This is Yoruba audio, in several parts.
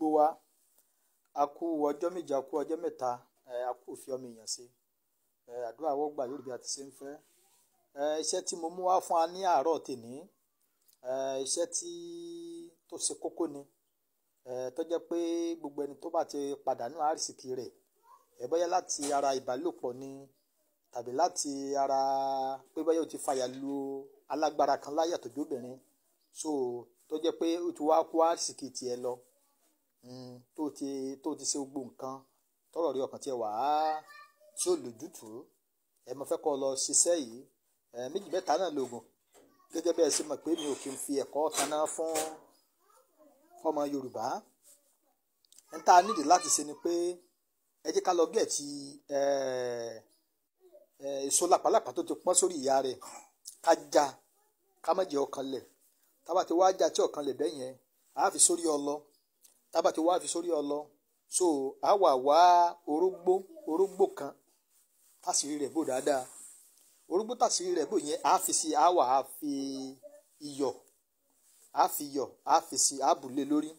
gbogbo wa a kú ọjọ́ méje a kú ọjọ́ mẹ́ta a kú òfin ọmọ èèyàn ṣe àdúrà wọ́n gbà lórí bí a ti ṣe ń fẹ́ iṣẹ́ tí mo mú wá fún wa ní àárọ̀ tèmi iṣẹ́ tí tó ṣe kókó ni tó jẹ́ pé gbogbo ẹni tó bá ti pàdánù àrísìkì rẹ̀ ẹ bóyá láti ara ìbálòpọ̀ ni tàbí láti ara pé bóyá o ti fàyà lu alágbára kan láyà jóbìnrin so tó jẹ́ pé o ti wá kó àrísìkì tiẹ̀ lọ Mm, tó ti tó ti ṣe gbogbo nǹkan tọrọ rí ọkàn tiẹ̀ wá tí ó lójútùú ẹ mo fẹ́ kọ́ lọ ṣiṣẹ́ yìí méjì mẹ́ta náà lògùn gẹ́gẹ́ bẹ́ẹ̀ ṣe mọ̀ pé mi ò kí n fi ẹ̀kọ́ kaná fún ọmọ Yorùbá n ta nídìí láti ṣe ni pé ẹ jẹ́ ká lọ gẹ̀ẹ́tì èso làpálàpá tó ti pọ́n sórí ìyá rẹ̀ ká já ká má jẹ́ ọkàn lẹ̀ tábà tí wàá já tí ọkàn lẹ̀ bẹ́yẹn àá fi sórí ọlọ́ọ̀ tábà ti wá fi sórí ọlọ so a wà wá orógbó orógbó kan tàṣírí rẹ̀ bò dáadáa orógbó tàṣírí rẹ̀ bò yẹn a fi si a wà a fi iyọ̀ a fi iyọ̀ a fi si a bù lé lórí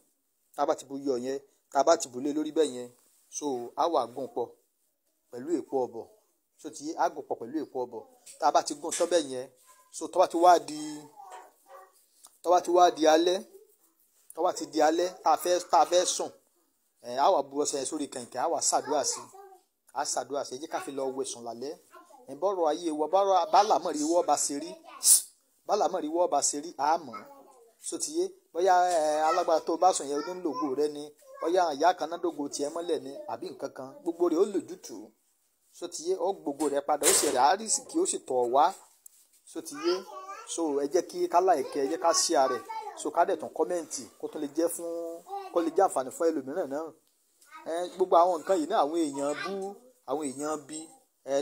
tábà ti bu iyọ̀ yẹn tábà ti bu lé lórí bẹ́ẹ̀ yẹn so a wà gùn pọ̀ pẹ̀lú èpo ọ̀bọ̀ so ti a gùn pọ̀ pẹ̀lú èpo ọ̀bọ̀ tábà ti gùn tán bẹ́ẹ̀ yẹn so tó ti wá di tó ti wá di alẹ́ tó bá ti di alẹ́ tá a fẹ́ tá a fẹ́ sùn ẹ̀ á wà bu ọṣẹ yẹn sórí kẹ̀kẹ́ á wà ṣàdúrà sí á ṣàdúrà sí ẹ jẹ́ ká fi lọ wẹ̀ sùn lálẹ́ ẹ̀ ayé wọ bálà mọ̀ rí wọ́ ba ṣe rí bálà mọ̀ rí wọ́ ba ṣe rí àmọ́ sotiye bóyá ẹ alágbára tó bá sùn yẹn ó ń lògo rẹ ni bóyá àyà kan náà dògo tiẹ̀ mọ́lẹ̀ ni àbí nǹkan kan gbogbo rẹ̀ ó lòjútùú sotiye ó gbogbo rẹ̀ padà ó sì rẹ̀ àrísìkì ó sì tọ̀ wá sotiye so ẹ jẹ́ kí kálá ẹ̀kẹ́ ẹ jẹ́ ká sí ara rẹ̀ so ká dẹ̀ tún kọ́mẹ́ǹtì kó tún lè jẹ́ fún kó lè jẹ́ àǹfààní fún ẹlòmíràn náà gbogbo àwọn nǹkan yìí náà àwọn èèyàn bú àwọn èèyàn bí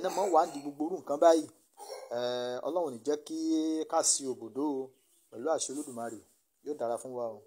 náà mọ̀ wá ń di gbogbo orú nǹkan báyìí ọlọ́run ní jẹ́ kí ká sí òbòdó pẹ̀lú àṣẹ olódùmarè yóò dára fún wa o.